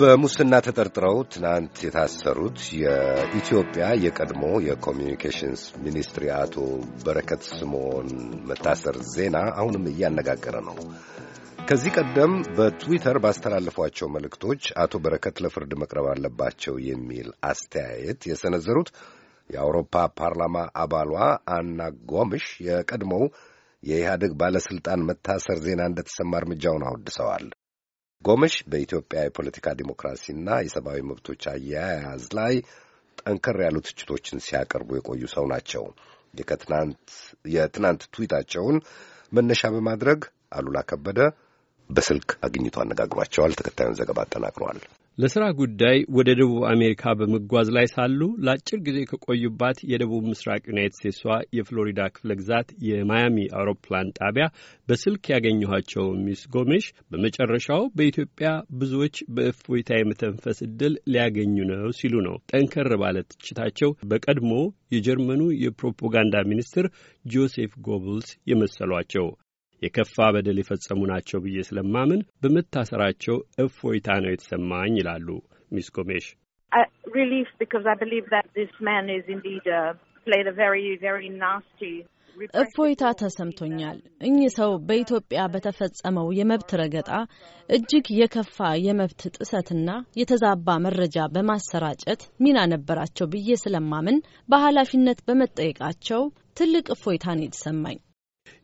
በሙስና ተጠርጥረው ትናንት የታሰሩት የኢትዮጵያ የቀድሞ የኮሚኒኬሽንስ ሚኒስትር አቶ በረከት ስምዖን መታሰር ዜና አሁንም እያነጋገረ ነው። ከዚህ ቀደም በትዊተር ባስተላለፏቸው መልእክቶች አቶ በረከት ለፍርድ መቅረብ አለባቸው የሚል አስተያየት የሰነዘሩት የአውሮፓ ፓርላማ አባሏ አና ጎምሽ የቀድሞው የኢህአደግ ባለሥልጣን መታሰር ዜና እንደተሰማ እርምጃውን አወድሰዋል። ጎመሽ በኢትዮጵያ የፖለቲካ ዲሞክራሲና የሰብአዊ መብቶች አያያዝ ላይ ጠንከር ያሉ ትችቶችን ሲያቀርቡ የቆዩ ሰው ናቸው። የትናንት ትዊታቸውን መነሻ በማድረግ አሉላ ከበደ በስልክ አግኝቶ አነጋግሯቸዋል። ተከታዩን ዘገባ አጠናቅሯል። ለሥራ ጉዳይ ወደ ደቡብ አሜሪካ በመጓዝ ላይ ሳሉ ለአጭር ጊዜ ከቆዩባት የደቡብ ምስራቅ ዩናይት ስቴትሷ የፍሎሪዳ ክፍለ ግዛት የማያሚ አውሮፕላን ጣቢያ በስልክ ያገኘኋቸው ሚስ ጎሜሽ በመጨረሻው በኢትዮጵያ ብዙዎች በእፎይታ የመተንፈስ ዕድል ሊያገኙ ነው ሲሉ ነው ጠንከር ባለ ትችታቸው በቀድሞ የጀርመኑ የፕሮፓጋንዳ ሚኒስትር ጆሴፍ ጎብልስ የመሰሏቸው። የከፋ በደል የፈጸሙ ናቸው ብዬ ስለማምን በመታሰራቸው እፎይታ ነው የተሰማኝ ይላሉ ሚስ ጎሜሽ። uh, እፎይታ ተሰምቶኛል። እኚህ ሰው በኢትዮጵያ በተፈጸመው የመብት ረገጣ እጅግ የከፋ የመብት ጥሰትና የተዛባ መረጃ በማሰራጨት ሚና ነበራቸው ብዬ ስለማምን በኃላፊነት በመጠየቃቸው ትልቅ እፎይታ ነው የተሰማኝ።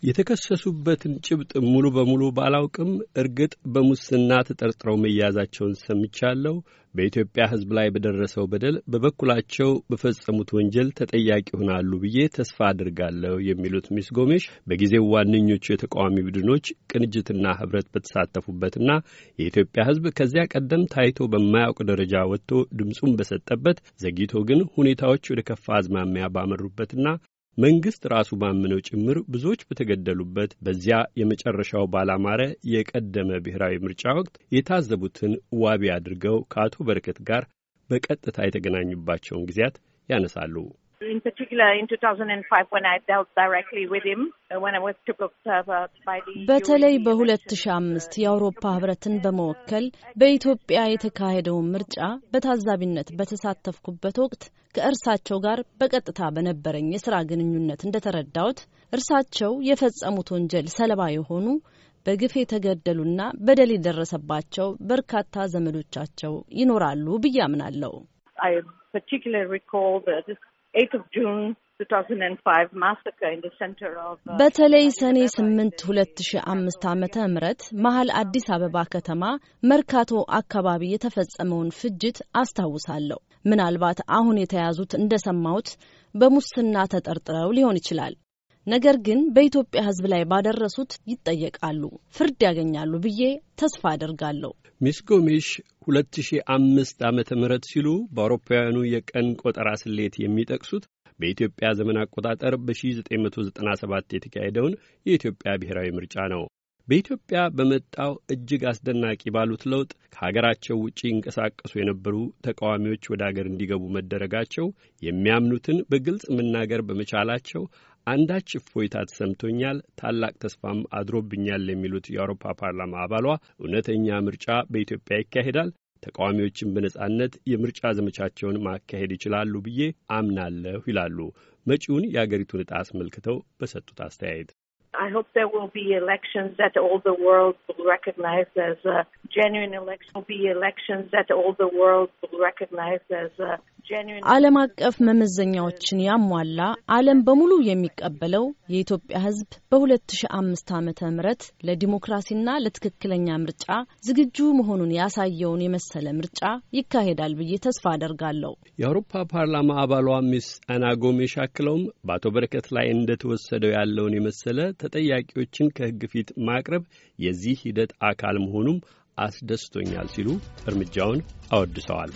የተከሰሱበትን ጭብጥ ሙሉ በሙሉ ባላውቅም እርግጥ በሙስና ተጠርጥረው መያዛቸውን ሰምቻለሁ። በኢትዮጵያ ሕዝብ ላይ በደረሰው በደል በበኩላቸው በፈጸሙት ወንጀል ተጠያቂ ይሆናሉ ብዬ ተስፋ አድርጋለሁ የሚሉት ሚስ ጎሜሽ በጊዜው ዋነኞቹ የተቃዋሚ ቡድኖች ቅንጅትና ኅብረት በተሳተፉበትና የኢትዮጵያ ሕዝብ ከዚያ ቀደም ታይቶ በማያውቅ ደረጃ ወጥቶ ድምፁን በሰጠበት ዘግይቶ ግን ሁኔታዎች ወደ ከፋ አዝማሚያ ባመሩበትና መንግሥት ራሱ ባምነው ጭምር ብዙዎች በተገደሉበት በዚያ የመጨረሻው ባላማረ የቀደመ ብሔራዊ ምርጫ ወቅት የታዘቡትን ዋቢ አድርገው ከአቶ በረከት ጋር በቀጥታ የተገናኙባቸውን ጊዜያት ያነሳሉ። uh, uh, በተለይ በ2005 የአውሮፓ ህብረትን በመወከል በኢትዮጵያ የተካሄደውን ምርጫ በታዛቢነት በተሳተፍኩበት ወቅት ከእርሳቸው ጋር በቀጥታ በነበረኝ የስራ ግንኙነት እንደተረዳሁት እርሳቸው የፈጸሙት ወንጀል ሰለባ የሆኑ በግፍ የተገደሉና በደል የደረሰባቸው በርካታ ዘመዶቻቸው ይኖራሉ ብዬ አምናለሁ። Uh, በተለይ ሰኔ 8 205 ሺ አምስት ዓመተ ምህረት መሀል አዲስ አበባ ከተማ መርካቶ አካባቢ የተፈጸመውን ፍጅት አስታውሳለሁ። ምናልባት አሁን የተያዙት እንደሰማሁት በሙስና ተጠርጥረው ሊሆን ይችላል። ነገር ግን በኢትዮጵያ ሕዝብ ላይ ባደረሱት ይጠየቃሉ፣ ፍርድ ያገኛሉ ብዬ ተስፋ አደርጋለሁ። ሚስ ጎሜሽ 2005 ዓ ም ሲሉ በአውሮፓውያኑ የቀን ቆጠራ ስሌት የሚጠቅሱት በኢትዮጵያ ዘመን አቆጣጠር በ1997 የተካሄደውን የኢትዮጵያ ብሔራዊ ምርጫ ነው። በኢትዮጵያ በመጣው እጅግ አስደናቂ ባሉት ለውጥ ከሀገራቸው ውጪ ይንቀሳቀሱ የነበሩ ተቃዋሚዎች ወደ አገር እንዲገቡ መደረጋቸው፣ የሚያምኑትን በግልጽ መናገር በመቻላቸው አንዳች እፎይታ ተሰምቶኛል፣ ታላቅ ተስፋም አድሮብኛል የሚሉት የአውሮፓ ፓርላማ አባሏ እውነተኛ ምርጫ በኢትዮጵያ ይካሄዳል፣ ተቃዋሚዎችን በነጻነት የምርጫ ዘመቻቸውን ማካሄድ ይችላሉ ብዬ አምናለሁ ይላሉ። መጪውን የአገሪቱን ዕጣ አስመልክተው በሰጡት አስተያየት I hope there will be elections that all the world will recognize as a uh, genuine election. Will be elections that all the world will recognize as a uh, genuine. ዓለም አቀፍ መመዘኛዎችን ያሟላ ዓለም በሙሉ የሚቀበለው የኢትዮጵያ ሕዝብ በ2005 ዓመተ ምህረት ለዲሞክራሲና ለትክክለኛ ምርጫ ዝግጁ መሆኑን ያሳየውን የመሰለ ምርጫ ይካሄዳል ብዬ ተስፋ አደርጋለሁ። የአውሮፓ ፓርላማ አባሏ ሚስ አና ጎሜሽ አክለውም በአቶ በረከት ላይ እንደተወሰደው ያለውን የመሰለ ተጠያቂዎችን ከሕግ ፊት ማቅረብ የዚህ ሂደት አካል መሆኑም አስደስቶኛል ሲሉ እርምጃውን አወድሰዋል።